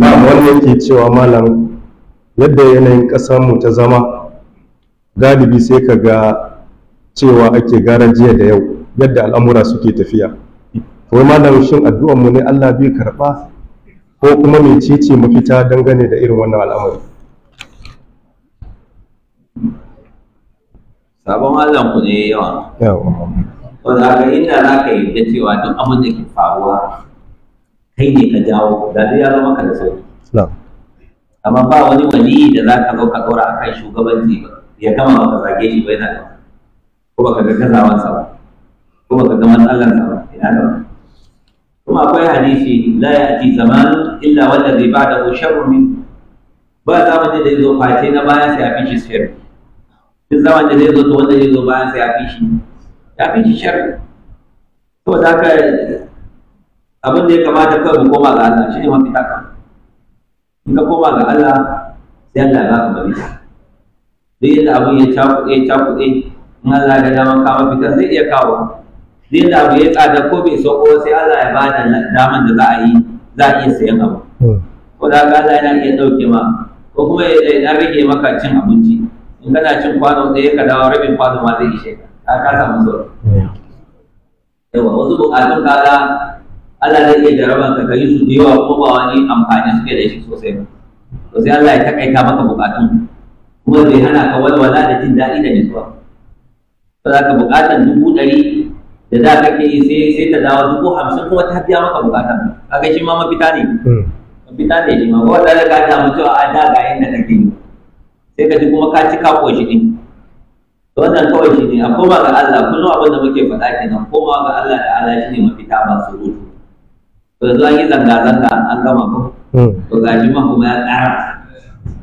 na wani yake cewa malam yadda yanayin mu ta zama galibi sai ka ga cewa ake gara jiya da yau yadda al'amura suke tafiya to malam shin addu'anmu ne allah bai karɓa ko kuma mecece mafita dangane da irin wannan al'amari sabon allah ku ne yawa wanda haka inda za ka yi ta cewa duk abin da ke faruwa kai ne ka jawo da zai ya zama ka da sauki amma ba wani wani da za ka zo ka ɗora a kan shugabanci ba ya gama ba ka zage shi ba yana da ko ba ka ga gazawansa ba ko ba ka ga sa ba ina da kuma akwai hadisi la ya'ti zaman illa wanda zai ba da sharrun min ba zamani da zo face na bayan sai a fi shi sirri duk zamani da zo to wanda zai zo bayan sai a fi shi ya fi shi sharri to da ka abin da ya kamata kawai mu koma ga Allah ne mafita ka in ka koma ga Allah sai Allah ya baka mafita duk yadda abin ya cakuɗe cakuɗe in Allah ya dama ka fita zai iya kawo duk yadda abu ya tsada ko bai sauko sai Allah ya ba da daman da za a yi za a iya sayan abu hmm. ko da haka Allah yana iya ɗauke ma ko kuma ya rage maka cin abinci in kana cin kwano ɗaya ka dawo rabin kwano ma zai ishe ka ka samu sauran hmm. yawa wasu buƙatun kaza Allah zai iya jaraban ka kai su da yawa kuma ba wani amfani suke da shi sosai ba to sai Allah ya takaita maka bukatun kuma zai hana ka walwala da jin daɗi da nutsuwa to za ka bukatan dubu ɗari da za ka ke sai sai ta dawo dubu hamsin kuma ta biya maka bukatan ga shi ma mafita ne hmm. mafita ne shi ma ko wanda ka damu cewa a da ga yadda kake yi sai ka ji kuma ka ci ka koshi ɗin wannan kawai shi ne a koma ga Allah kullum abin da muke faɗa kenan koma ga Allah da Allah shi ne mafita ba su to yanzu an yi zanga-zanga an gama ko hmm. to gashi man kuma ya ƙara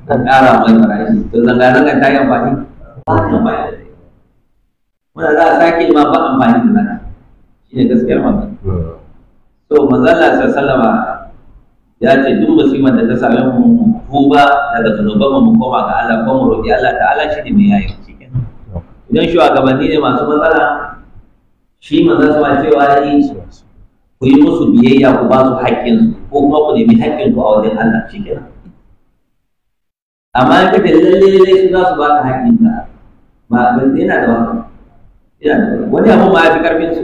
an ƙara mai farashi to zanga-zanga ta yi amfani ba ta amfani da za a sake ma ba amfani da zanga shi ne gaskiyar magana hmm. so manzala sallama ya ce duk musulman da ta same mu mu ba daga zunuban mu koma ga Allah ko mu roƙi Allah ta'ala shi ne mai yayi cikin hmm. idan shugabanni ne masu matsala shi manzala sallama cewa yi ku yi musu biyayya ku ba su haƙƙinsu ko kuma ku nemi ku a wajen Allah shi kenan amma ka da lalle lalle su za su ba ka ka ba ban yana da wani yana da wani abu ma ya fi karfin su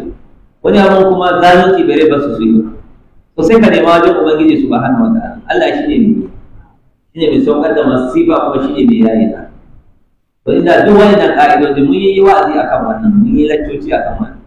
wani abu kuma zalunci bare ba su su yi ku sai ka nema wajen ubangiji subhanahu wataala Allah shi ne mai shi ne mai saukar da masifa kuma shi ne mai yayi ta to inda duk wani na ka'idodi mun yi wa'azi akan wannan mun yi laccoci akan wannan